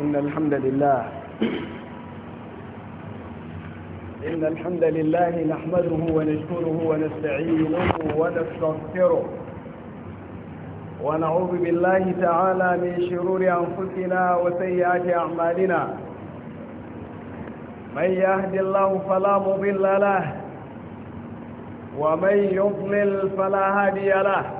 إن الحمد لله إن الحمد لله نحمده ونشكره ونستعينه ونستغفره ونعوذ بالله تعالى من شرور أنفسنا وسيئات أعمالنا من يهد الله فلا مضل له ومن يضلل فلا هادي له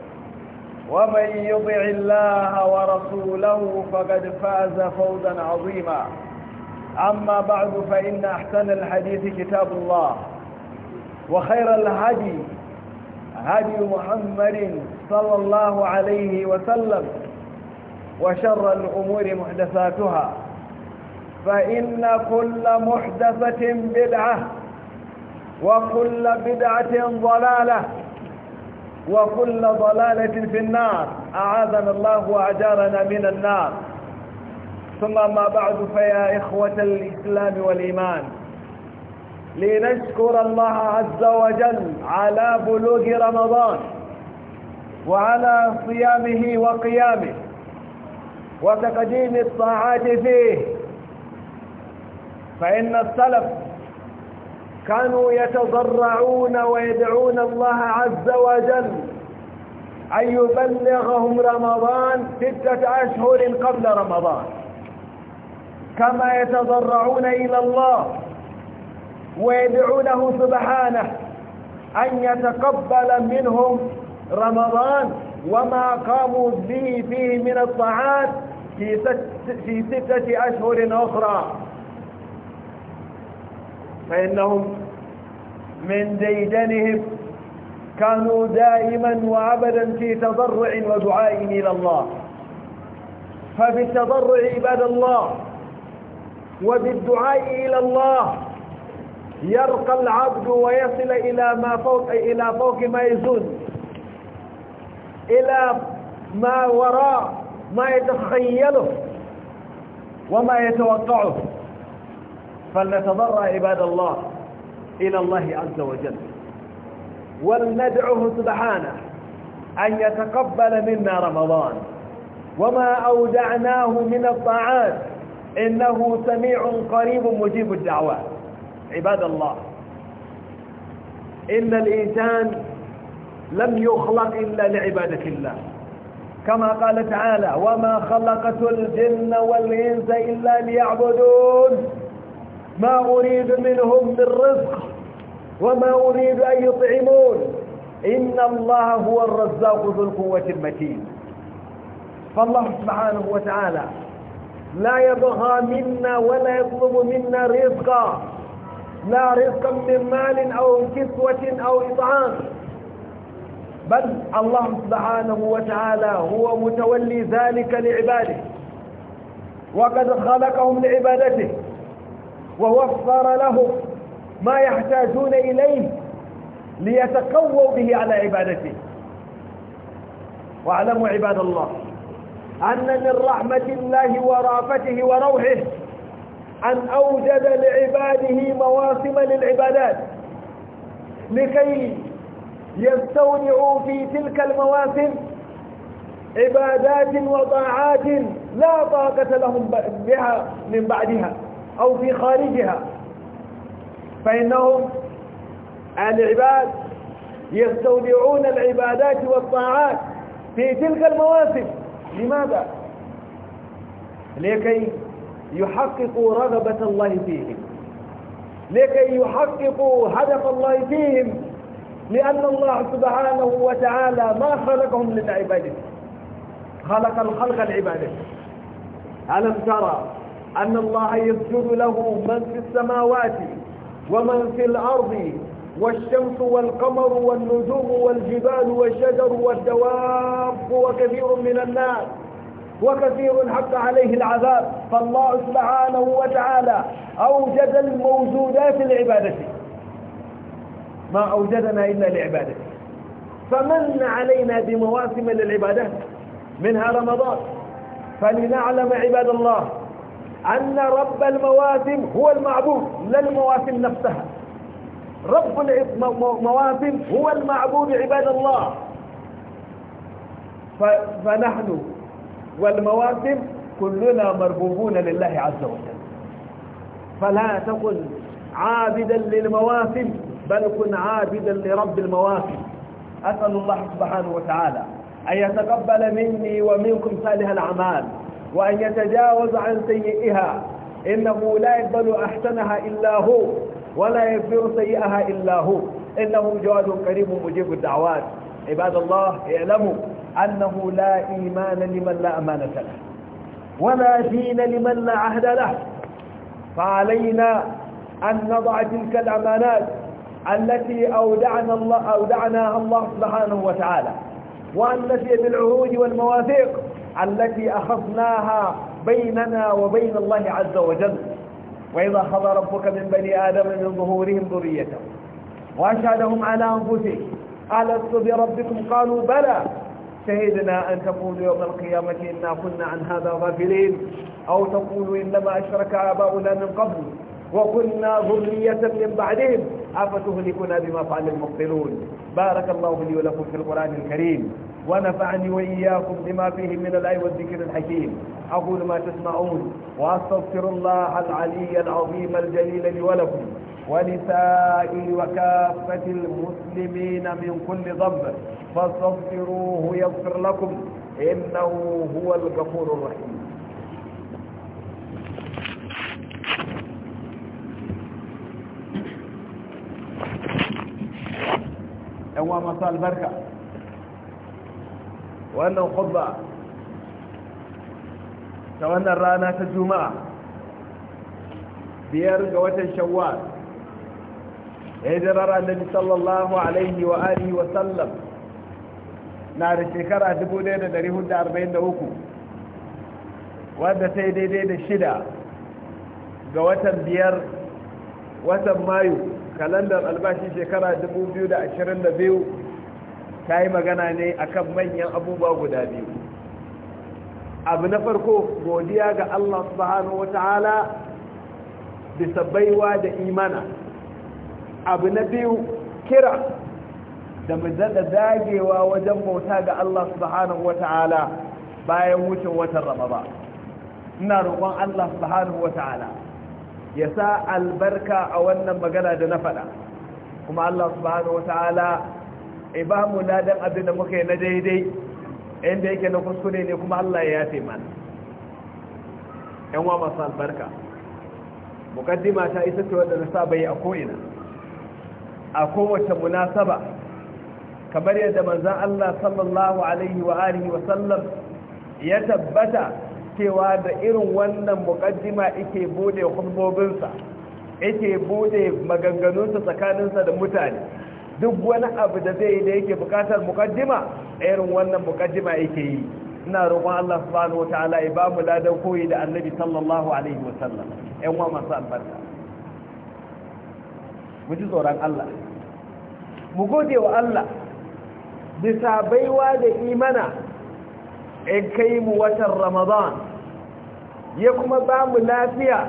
ومن يطع الله ورسوله فقد فاز فوزا عظيما أما بعد فإن أحسن الحديث كتاب الله وخير الهدي هدي محمد صلى الله عليه وسلم وشر الأمور محدثاتها فإن كل محدثة بدعة وكل بدعة ضلالة وكل ضلالة في النار أعاذنا الله وأجارنا من النار ثم ما بعد فيا إخوة الإسلام والإيمان لنشكر الله عز وجل على بلوغ رمضان وعلى صيامه وقيامه وتقديم الطاعات فيه فإن السلف كانوا يتضرعون ويدعون الله عز وجل أن يبلغهم رمضان ستة أشهر قبل رمضان كما يتضرعون إلى الله ويدعونه سبحانه أن يتقبل منهم رمضان وما قاموا به فيه من الطاعات في ستة أشهر أخرى فإنهم من ديدنهم كانوا دائما وابدا في تضرع ودعاء إلى الله فبالتضرع عباد الله وبالدعاء إلى الله يرقى العبد ويصل إلى ما فوق إلى فوق ما يزن إلى ما وراء ما يتخيله وما يتوقعه فلنتضرع عباد الله إلى الله عز وجل ولندعه سبحانه أن يتقبل منا رمضان وما أودعناه من الطاعات إنه سميع قريب مجيب الدعوات عباد الله إن الإنسان لم يخلق إلا لعبادة الله كما قال تعالى وما خلقت الجن والإنس إلا ليعبدون ما أريد منهم من رزق وما أريد أن يطعمون إن الله هو الرزاق ذو القوة المتين فالله سبحانه وتعالى لا يبغى منا ولا يطلب منا رزقا لا رزقا من مال أو كسوة أو إطعام بل الله سبحانه وتعالى هو متولي ذلك لعباده وقد خلقهم لعبادته ووفر لهم ما يحتاجون إليه ليتقووا به على عبادته واعلموا عباد الله أن من رحمة الله ورافته وروحه أن أوجد لعباده مواسم للعبادات لكي يستودعوا في تلك المواسم عبادات وطاعات لا طاقة لهم بها من بعدها أو في خارجها فإنهم العباد يستودعون العبادات والطاعات في تلك المواسم لماذا؟ لكي يحققوا رغبة الله فيهم لكي يحققوا هدف الله فيهم لأن الله سبحانه وتعالى ما خلقهم للعبادة خلق الخلق العبادة ألم ترى أن الله يسجد له من في السماوات ومن في الأرض والشمس والقمر والنجوم والجبال والشجر والدواب وكثير من الناس وكثير حق عليه العذاب فالله سبحانه وتعالى أوجد الموجودات العبادة ما أوجدنا إلا لعبادته فمن علينا بمواسم للعبادات منها رمضان فلنعلم عباد الله أن رب المواسم هو المعبود لا المواسم نفسها رب المواسم هو المعبود عباد الله فنحن والمواسم كلنا مربوبون لله عز وجل فلا تكن عابدا للمواسم بل كن عابدا لرب المواسم أسأل الله سبحانه وتعالى أن يتقبل مني ومنكم صالح الأعمال وأن يتجاوز عن سيئها إنه لا يقبل أحسنها إلا هو ولا يغفر سيئها إلا هو إنه جواد كريم مجيب الدعوات عباد الله اعلموا أنه لا إيمان لمن لا أمانة له ولا دين لمن لا عهد له فعلينا أن نضع تلك الأمانات التي أودعنا الله أودعناها الله سبحانه وتعالى وأن نسي بالعهود والمواثيق التي أخذناها بيننا وبين الله عز وجل وإذا أخذ ربك من بني آدم من ظهورهم ذريته وأشهدهم على أنفسهم ألست بربكم قالوا بلى شهدنا أن تقولوا يوم القيامة إنا كنا عن هذا غافلين أو تقولوا إنما أشرك آباؤنا من قبل وكنا ذرية من بعدهم أفتهلكنا بما فعل المبطلون بارك الله لي ولكم في القرآن الكريم ونفعني وإياكم بما فيه من الآي والذكر الحكيم أقول ما تسمعون وأستغفر الله العلي العظيم الجليل لي ولكم ولسائر وكافة المسلمين من كل ضب فاستغفروه يغفر لكم إنه هو الغفور الرحيم yan wa masu albarka wannan khutba ta wannan rana ta juma'a biyar ga watan shawwal ya yi jirara annabi sallallahu alaihi wa alihi wa sallam na da shekara 1443 wadda ta yi daidai da shida ga watan biyar watan mayu kalandar albashi shekara 2022 ta yi magana ne akan manyan abubuwa guda biyu abu na farko godiya ga Allah subhanahu wata'ala bisa baiwa da imana abu na biyu kira da mazada dagewa wajen bauta ga Allah subhanahu wata'ala bayan wucin watan ramaba ina roƙon Allah subhanahu wata'ala ya sa albarka a wannan magana da na faɗa kuma Allah subhanahu wata'ala ibamu ladan abin da muka yi na daidai inda yake na kuskure ne kuma Allah ya yafe mana yan wa masu albarka mukaddima ta isa ce wadda na saba yi a ko'ina a kowace munasaba kamar yadda manzan Allah sallallahu alaihi wa alihi wa sallam ya tabbata cewa da irin wannan mukaddima yake bude hulmobinsa yake bude maganganunsa tsakaninsa da mutane duk wani abu da zai da yake bukatar mukaddima irin wannan mukaddima yake yi ina roƙon Allah subhanahu wataala ya ba mu ladan koyi da Annabi sallallahu alaihi wasallam ƴan uwa masu albarka mu ji tsoron Allah mu gode wa Allah bisa baiwa da imana in kai mu watan Ramadan ya kuma ba mu lafiya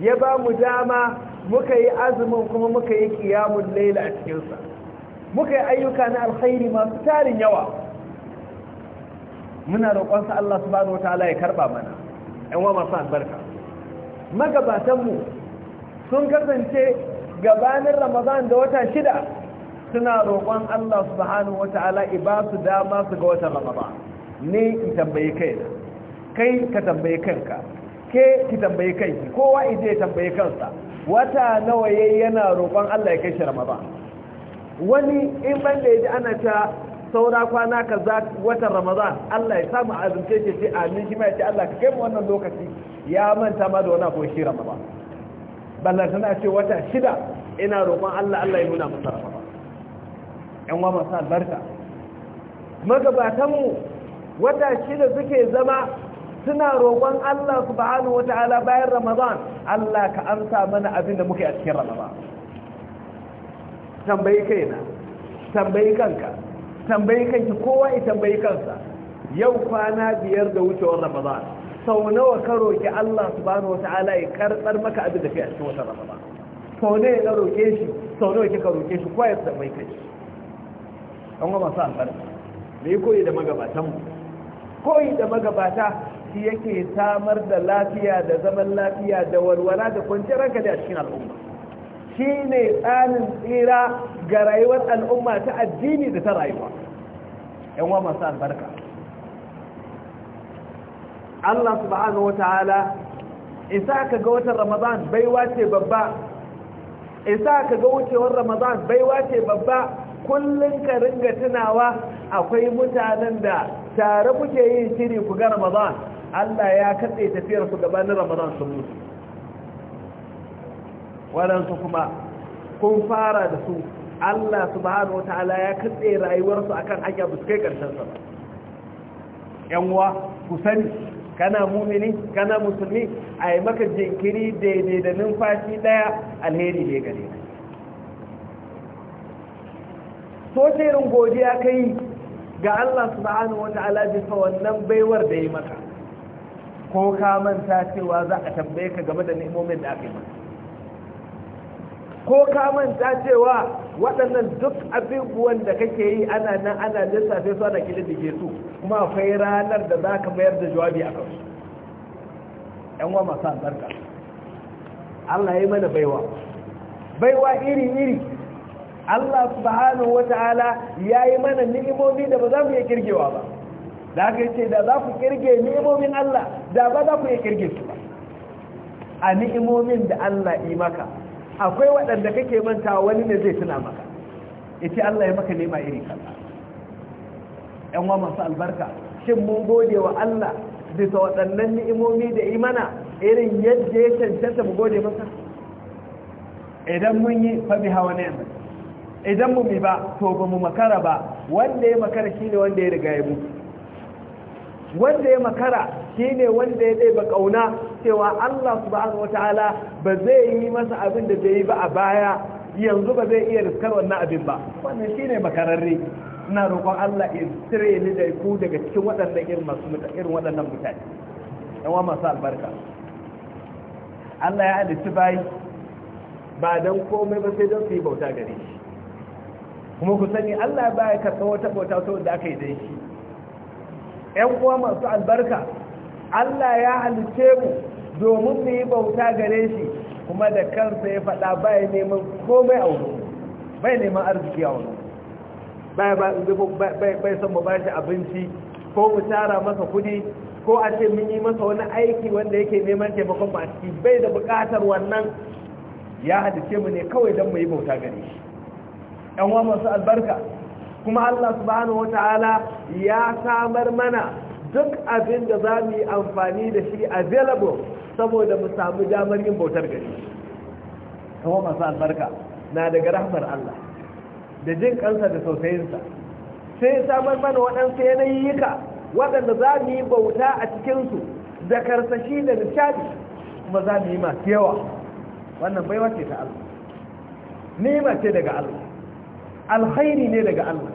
ya ba mu dama muka yi azumin kuma muka yi kiyamun laila a cikinsa muka yi ayyuka na alkhairi masu tarin yawa muna roƙonsa Allah subhanahu wataala ya karba mana ɗan wa masu albarka magabatanmu sun kasance gabanin ramadan da wata shida suna roƙon Allah subhanahu wataala ya ba dama su ga watan ramadan ne in tambaye kaina kai ka tambaye kanka ke ki tambaye kanki kowa ije ya tambaye kansa wata nawa yayi yana roƙon Allah ya kai shi Ramadan wani in ban da yaji ana ta saura kwana za watan Ramadan Allah ya samu azumce shi ce amin shi ma ya ce Allah ka kai mu wannan lokaci ya manta ma da wani ko shi Ramadan ballan tana ce wata shida ina roƙon Allah Allah ya nuna masa Ramadan ƴan wa masu albarka magabatanmu wata shida suke zama suna roƙon Allah subhanahu wata'ala bayan Ramadan Allah ka amsa mana abin da muke a cikin Ramadan tambayi kaina tambayi kanka tambayi kanki kowa ya tambayi kansa yau kwana biyar da wucewar Ramadan sau nawa ka roƙi Allah subhanahu wata'ala ya karɓar maka abin da ke a cikin watan Ramadan sau ne ka roƙe shi sau nawa kika roƙe shi kowa ya tambayi kanki an ga masu albarka me koyi da magabatanmu koyi da magabata shi yake samar da lafiya da zaman lafiya da walwala da kwanciyar hankali a cikin al'umma shi ne tsanin tsira ga rayuwar al'umma ta addini da ta rayuwa yan wa masu albarka Allah subhanahu wataala isa ka ga watan ramadan baiwa ce babba isa ka ga wucewar ramadan baiwa ce babba kullum ka ringa tunawa akwai mutanen da tare kuke yin shiri ku ga ramadan Allah ya katse tafiyar su gabanin Ramadan sun mutu waɗansu kuma kun fara da su Allah subhanahu wataala ya katse rayuwarsu akan hanya ba kai karshen sa yan uwa ku sani kana mumini kana musulmi a yi maka jinkiri daidai da numfashi daya alheri ne gare ka godiya kai ga Allah subhanahu wataala bisa wannan baiwar da ya maka ko ka manta cewa za a tambaye ka game da ni'imomin da aka yi ko ka manta cewa waɗannan duk abubuwan da kake yi ana nan ana lissafe su ana kilidige su kuma akwai ranar da za ka mayar da jawabi a kansu yan wa masu albarka Allah ya mana baiwa baiwa iri-iri Allah subhanahu wa ta'ala ya yi mana ni'imomi da ba za mu iya kirgewa ba da haka ce da za ku kirge ni'imomin Allah da ba za ku iya kirge su ba a ni'imomin da Allah yi maka akwai waɗanda kake manta wani ne zai tuna maka ce Allah ya maka nema iri kaza yan wa masu albarka shin mun gode wa Allah bisa waɗannan ni'imomi da imana irin yadda ya cancanta mu gode masa idan mun yi fa bi hawa ni'mat idan mu bi ba to ba mu makara ba wanda ya makara shine wanda ya riga ya mutu wanda ya makara shine wanda ya ɗaiba ƙauna cewa Allah subhanahu wataala ba zai yi masa abin da zai yi ba a baya yanzu ba zai iya riskar wannan abin ba wannan shine makararre ina roƙon Allah ya tsire ni da ku daga cikin waɗannan irin masu irin waɗannan mutane yawa masu albarka Allah ya halitta bai ba don komai ba sai don su yi bauta gare shi kuma ku sani Allah ba ya karɓa wata bauta saboda aka yi dai shi ‘yan uwa masu albarka Allah ya halice mu domin su yi bauta gare shi kuma da kansa ya faɗa bai neman komai a wuri, bai neman arziki a wurin bai son mu ba abinci ko mu tara masa kudi ko a ce mun yi masa wani aiki wanda yake neman taimakon ba ciki bai da bukatar wannan ya halice mu ne kawai don mu yi bauta gare shi ‘yan uwa masu albarka kuma Allah subhanahu Ta'ala ya samar mana duk abin da za mu yi amfani da shi available saboda mu samu damar yin bautar gari kawo masu albarka na daga rahmar Allah da jin kansa da sosayinsa. sai samar mana waɗansu yanayyika waɗanda za mu yi bauta a cikinsu da karsashi da nishadi kuma za mu yi masu yawa wannan baiwa ce ta Allah ni ce daga Allah alkhairi ne daga Allah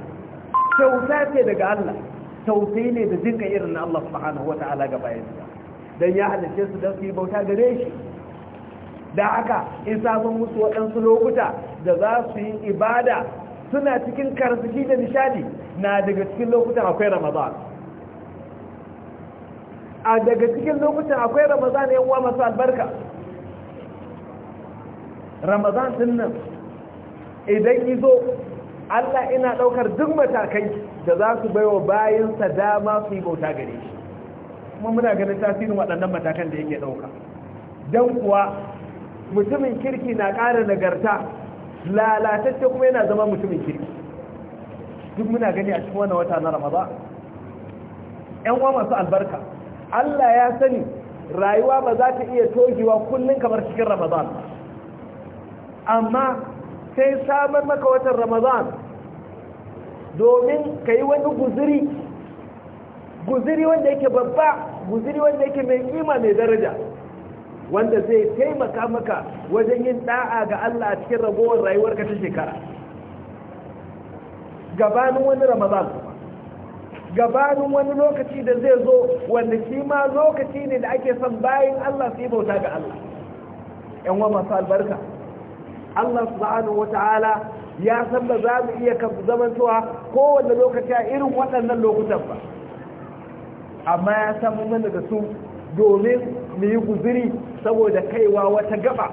kyauta ce daga Allah tausayi ne da jinka irin na Allah subhanahu wata'ala ga bayan bayansa dan ya halice su don su yi bauta gare shi da haka in sabon musu waɗansu lokuta da za su yi ibada suna cikin karsashi da nishadi na daga cikin lokutan akwai ramadan a daga cikin lokutan akwai ramadan yan wama masu albarka ramadan din nan idan yi zo Allah ina ɗaukar duk matakai da za su baiwa bayansa dama su yi bauta gare shi kuma muna ganin tasirin waɗannan matakan da yake ɗauka don kuwa mutumin kirki na ƙara nagarta lalatacce kuma yana zama mutumin kirki duk muna gani a cikin wannan wata na ramadan yan uwa masu albarka Allah ya sani rayuwa ba za ta iya togewa kullum kamar cikin ramadan amma sai samar maka watan ramadan domin ka yi wani guziri guziri wanda yake babba guziri wanda yake mai kima mai daraja wanda zai taimaka maka wajen yin da'a ga Allah a cikin ragowar rayuwarka ta shekara gabanin wani ramadan gabanin wani lokaci da zai zo wanda shi ma lokaci ne da ake son bayan Allah su yi bauta ga Allah yan wa masu albarka Allah subhanahu wa ta'ala ya san ba za mu iya zamantowa kowane lokaci a irin waɗannan lokutan ba amma ya san mun da su domin mu yi guziri saboda kaiwa wata gaba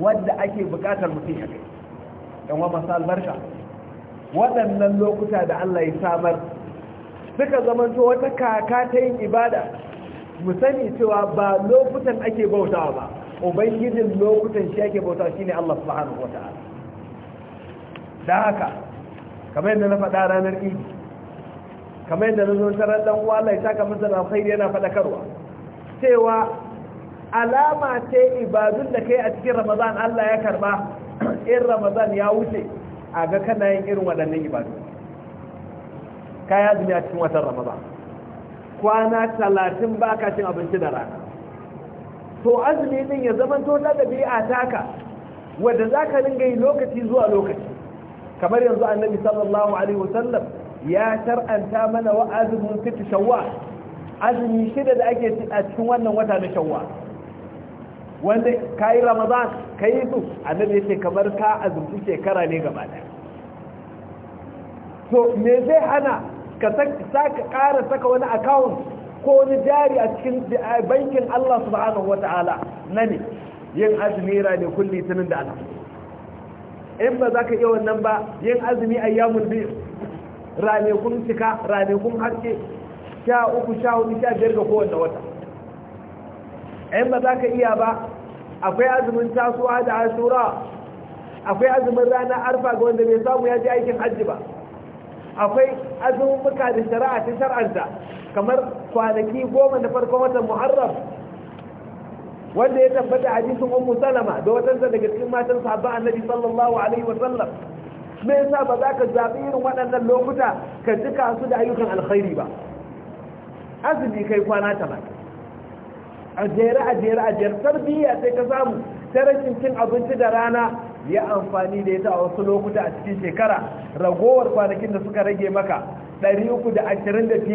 wadda ake buƙatar mutum ya kai ɗan wa masu albarka waɗannan lokuta da Allah ya samar suka zamanto wata kaka ta yin ibada mu sani cewa ba lokutan ake bautawa ba ubangijin lokutan shi ake bautawa shine Allah subhanahu wataala da haka kamar yadda na faɗa ranar idi kamar yadda na zo sarar ɗan uwa ita kamar sana kai yana faɗakarwa cewa alama ce ibadun da kai a cikin ramadan Allah ya karba in ramadan ya wuce a ga kana yin irin waɗannan ibadun ka ya zumi a cikin watan ramadan kwana talatin ba ka cin abinci da rana to azumi din ya zama to na ɗabi'a taka wadda za ka ringa yi lokaci zuwa lokaci kamar yanzu annabi sallallahu alaihi wasallam ya shar'anta mana wa azumin fitu shawwa azumi shida da ake a cikin wannan wata na shawwa wanda ka yi ramadan ka yi su annabi ya ce kamar ka azumci shekara ne gaba ɗaya to me zai hana ka ƙara saka wani account ko wani jari a cikin bankin allah subhanahu wa ta'ala na ne yin azumi ne kulli tunin da alhamdu in ba za ka iya wannan ba yin azumi biyu rane kun cika kun haske sha uku sha hudu sha biyar ga kowanne wata in ba za ka iya ba akwai azumin tasowa da ashura akwai azumin rana arfa ga wanda bai samu ya ji aikin hajji ba akwai azumin muka da shari'a ta shar'anta kamar kwanaki goma na farkon watan muharram wanda ya tabbata hadisin ummu salama da wadansa daga cikin matan sahaba annabi sallallahu alaihi wa sallam me yasa ba za ka zabi irin waɗannan lokuta ka cika su da ayyukan alkhairi ba azumi kai kwana talatin a jere a jere a tarbiyya sai ka samu ta rashin cin abinci da rana ya amfani da ita a wasu lokuta a cikin shekara ragowar kwanakin da suka rage maka 325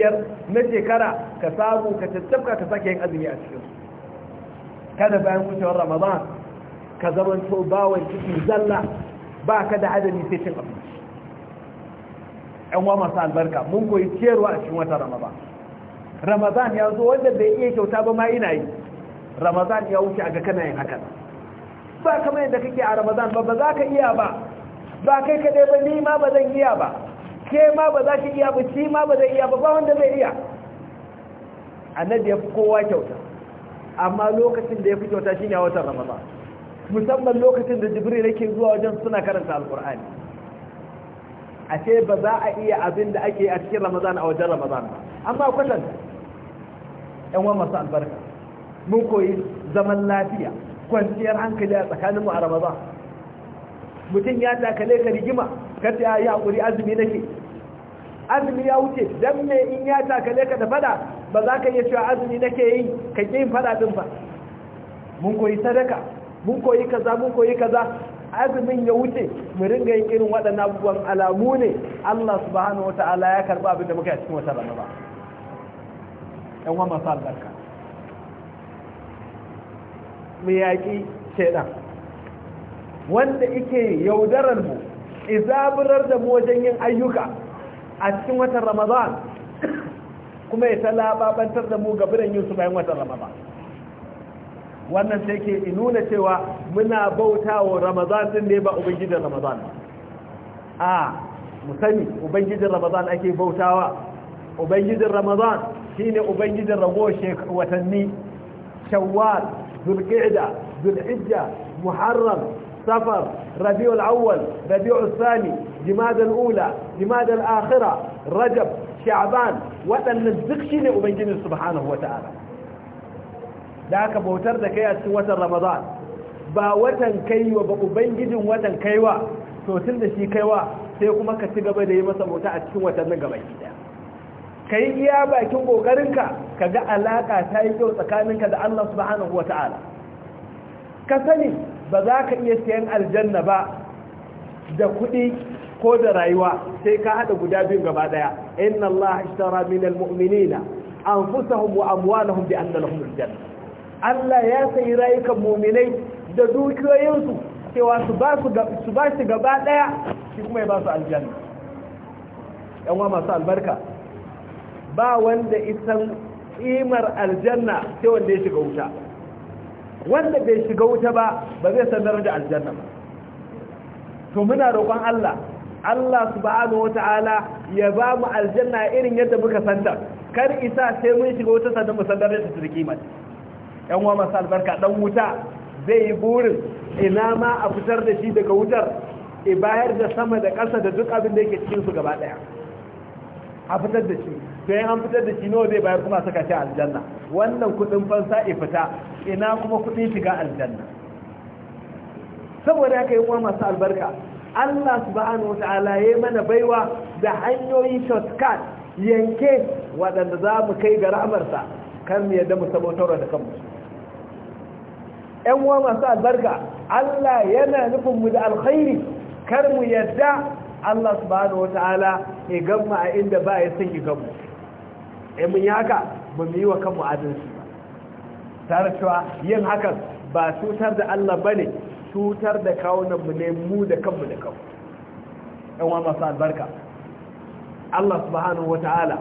na shekara ka samu ka tattafka ka sake yin azumi a cikinsu kada bayan wucewar ramadan ka zamanto bawon ciki zalla ba ka da adadi sai cin abinci yan wa masu albarka mun koyi ciyarwa a cikin wata ramadan ramadan ya zo wanda bai iya kyauta ba ma ina yi ramadan ya wuce a ga kana yin haka ba kamar yadda kake a ramadan ba ba za ka iya ba ba kai kaɗai ba ni ma ba zan iya ba ke ma ba za ki iya ba shi ma ba zai iya ba ba wanda zai iya annabi ya fi kowa kyauta amma lokacin da ya fi kyauta shine a watan ramadan musamman lokacin da jibril yake zuwa wajen suna karanta Al-Qur'ani a ce ba za a iya abin da ake a cikin ramadan a wajen ramadan ba amma kwatan yan wa masu albarka mun koyi zaman lafiya kwanciyar hankali a tsakaninmu a ramadan mutum ya takale ka rigima ka ta yi hakuri azumi nake azumi ya wuce dan me in ya takale ka da fada ba za ka iya cewa azumi nake yi ka ƙi yin ɗin ba mun koyi sadaka mun koyi kaza mun koyi kaza azumin ya wuce mu ringa yin irin waɗannan abubuwan alamu ne Allah subhanahu ta'ala ya karɓa abin da muka yi cikin wata rana ba. ɗan wa masu albarka mu yaƙi ɗan. wanda yake yaudarar mu izabirar da mu wajen yin ayyuka a cikin watan ramadan kuma ya talababantar da mu gabanin yin su bayan watan ramadan wannan sai ke nuna cewa muna bauta wa ramadan din ne ba ubangijin ramadan a mu sani ubangijin ramadan ake bautawa ubangijin ramadan shine ubangijin rago watanni shawwal zulqa'da zulhijja muharram safar rabiul awwal rabiul thani jimada al-ula jimada al-akhirah rajab sha'ban waɗannan duk ne ubangiji subhanahu ta'ala da ka bautar da kai a cikin watan ramadan ba watan kaiwa ba ubangijin watan kaiwa to tun da shi kaiwa sai kuma ka ci gaba da yi masa bauta a cikin watannin gaba gida ka yi iya bakin ƙoƙarinka ka ga alaka ta yi kyau tsakaninka da allah subhanahu ka sani ba za ka iya siyan aljanna ba da kuɗi ko da rayuwa sai ka hada guda biyun gaba daya inna allaha ishtara min almu'minina anfusahum wa amwalahum bi anna lahum aljanna Allah ya sai rayukan mu'minai da dukiyoyinsu cewa su ba su su ba shi gaba daya shi kuma ya ba su aljanna yan wa masu albarka ba wanda isan imar aljanna sai wanda ya shiga wuta wanda bai shiga wuta ba ba zai san darajar aljanna ba to muna roƙon Allah Allah subhanahu wata'ala ya ba mu aljanna irin yadda muka santa kar isa sai mun shiga wata sanda musandar da riki mai yan uwa masu albarka dan wuta zai yi burin ina ma a fitar da shi daga wutar e bayar da sama da ƙasa da duk abin da yake cikin su gaba daya a fitar da shi sai an fitar da shi nawa zai bayar kuma saka shi aljanna wannan kudin fansa e fita ina kuma kudin shiga aljanna saboda haka yi uwa masu albarka Allah subhanahu wata'ala ya mana baiwa da hanyoyi shortcut yanke waɗanda za mu kai ga ramarsa kan mu yadda mu sabotarwa da kanmu ‘yan uwa masu albarka Allah yana nufin mu da alkhairi kar mu yadda Allah subhanahu wata'ala ya gamma a inda ba ya son yi gamu ‘yan mun yi haka ba mu yi wa kanmu adalci ba tare cewa yin hakan ba cutar da Allah ba ne. cutar da kawunan mu ne mu da kanmu da kanmu ɗan wa masu albarka Allah subhanahu wa ta'ala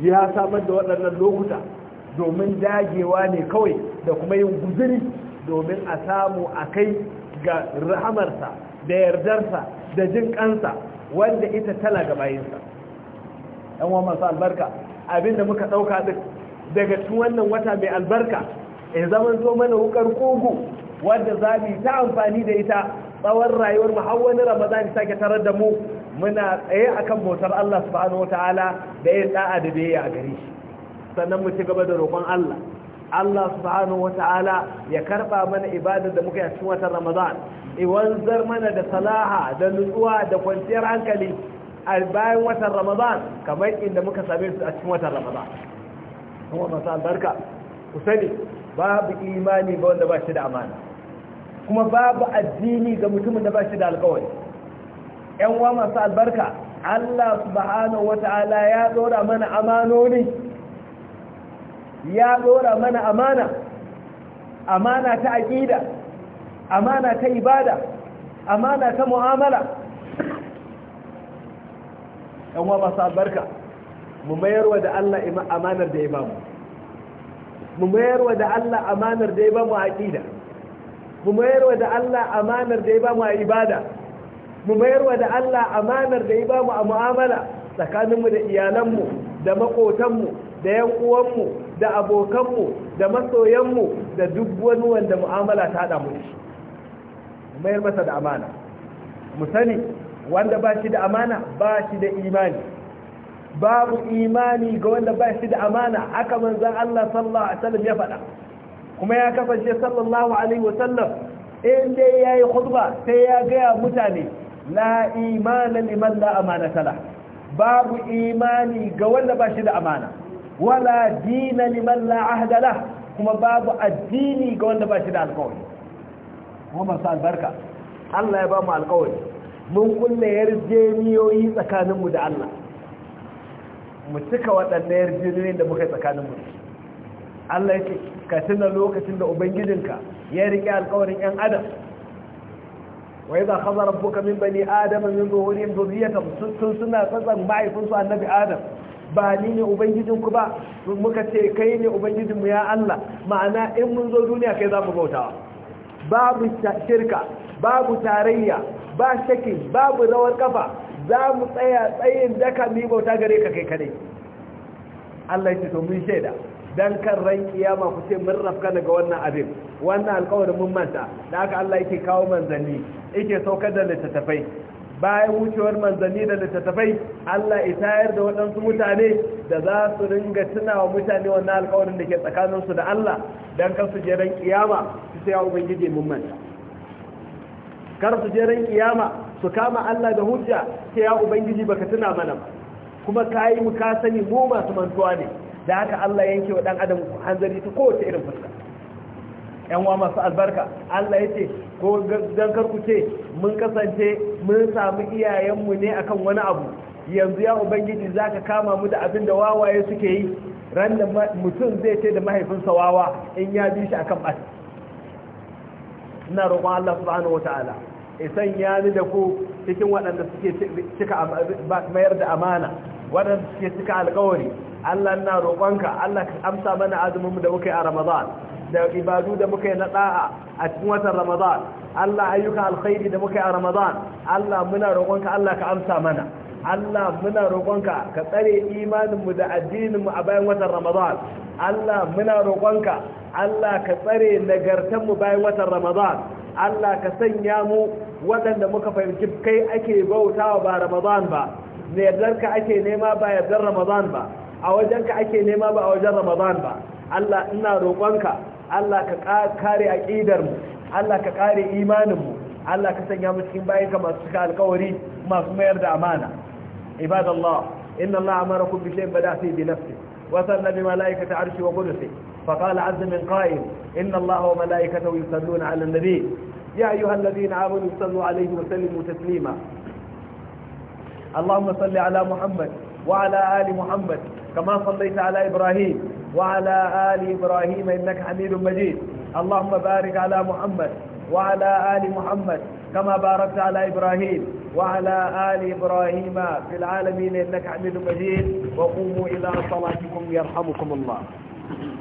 ya samar da waɗannan lokuta domin dagewa ne kawai da kuma yin guzuri domin a samu a kai ga rahamarsa da yardarsa da jin kansa wanda ita tala ga bayinsa ɗan wa masu albarka abinda muka ɗauka duk daga cikin wannan wata mai albarka ya zama zo mana wukar kogo wadda za mu ta amfani da ita tsawon rayuwar mu har wani ramadan sake tarar da mu muna tsaye akan motar Allah subhanahu wataala da yin da'a da biyayya a gare shi sannan mu ci gaba da roƙon Allah Allah subhanahu wata'ala ya karba mana ibadar da muka yi a cikin watan Ramadan iwanzar mana da salaha da nutsuwa da kwanciyar hankali a bayan watan Ramadan kamar inda muka same su a cikin watan Ramadan kuma masu albarka ku sani babu imani ba wanda ba shi da amana kuma babu addini ga mutumin da ba shi da alkawari yan wa masu albarka Allah subhanahu wata'ala ya dora mana amanoni ya dora mana amana amana ta aqida amana ta ibada amana ta mu'amala yan wa masu albarka mu mayarwa da Allah amanar da ya bamu mu mayarwa da Allah amanar da ya bamu aqida mu mayar wa da Allah amanar da ya ba mu a ibada mu mayar wa da Allah amanar da ya ba mu a mu'amala tsakaninmu da iyalanmu da makotanmu da yan uwanmu da abokanmu da masoyanmu da duk wani wanda mu'amala ta hada mu shi mayar masa da amana mu sani wanda ba shi da amana ba shi da imani babu imani ga wanda ba shi da amana haka manzon Allah sallallahu alaihi wasallam ya faɗa kuma ya kasance sallallahu alaihi wasallam in dai yayi khutba sai ya gaya mutane la imana liman la amana tala, babu imani ga wanda ba shi da amana wala dina liman la ahda la kuma babu addini ga wanda ba shi da alƙawari kuma masu albarka Allah ya ba mu alƙawari mun kulle yarjeniyoyi tsakaninmu da Allah mu cika waɗannan yarjeniyoyin da muka yi tsakaninmu da shi Allah ya ce ka tuna lokacin da ubangijinka ya rike alƙawarin yan adam wa idza khadha rabbuka min bani adama min zuhurihim dhurriyyatahum sun suna tsatsan mahaifinsu annabi adam ba ni ne ubangijinku ba muka ce kai ne ubangijinmu ya Allah ma'ana in mun zo duniya kai za mu bautawa babu shirka babu tarayya ba shakki babu rawar kafa za mu tsaya tsayin daka mu bauta gare ka kai kadai Allah ya ce to mun shaida dan kan ran kiyama ku ce mun rafka daga wannan abin wannan alƙawarin mun manta da haka Allah yake kawo manzanni yake saukar da littattafai bayan wucewar manzanni da littattafai Allah ya tayar da waɗansu mutane da za su ringa tunawa wa mutane wannan alƙawarin da ke tsakaninsu da Allah dan kan su je ran kiyama su ce ya ubangiji mun manta kar su je ran kiyama su kama Allah da hujja sai ya ubangiji baka tuna mana kuma kayi mu ka sani mu masu mantuwa ne da haka Allah yanke wa dan adam hanzari ta kowace irin fuska yan wa masu albarka Allah ya ce ko dan karku ce mun kasance mun samu iyayenmu ne akan wani abu yanzu ya ubangiji ka kama mu da abin da wawaye suke yi ran da mutum zai ce da mahaifinsa wawa in ya bi shi akan bata ina roƙon Allah subhanahu wataala isan ya ni da ku cikin waɗanda suke cika mayar da amana waɗanda suke cika alkawari Allah na roƙonka Allah ka amsa mana azumin mu da muka yi a Ramadan da ibadu da muka yi na da'a a cikin watan Ramadan Allah ayyuka alkhairi da muka yi a Ramadan Allah muna roƙonka Allah ka amsa mana Allah muna roƙonka ka tsare imaninmu da addininmu a bayan watan Ramadan. Allah muna roƙonka Allah ka tsare mu bayan watan Ramadan. Allah ka sanya mu waɗanda muka fahimci kai ake bautawa ba Ramadan ba, ne yardarka ake nema ba yardar Ramadan ba. a wajenka ake nema ba a wajen ramadan ba Allah ina roƙonka Allah ka kare aqidar mu Allah ka kare imanin mu Allah ka sanya mu cikin bayanka masu cika alƙawari masu mayar da amana ibadallah inna Allah amarakum bi shay'in bada fi bi nafsi wa sanna bi malaikati arshi wa qudusi فقال عز من قائل إن الله وملائكته يصلون على النبي يا أيها الذين آمنوا صلوا عليه وسلموا تسليما اللهم صل على محمد وعلى آل محمد كما صليت على إبراهيم وعلى آل إبراهيم إنك حميد مجيد اللهم بارك على محمد وعلى آل محمد كما باركت على إبراهيم وعلى آل إبراهيم في العالمين إنك حميد مجيد وقوموا إلى صلاتكم يرحمكم الله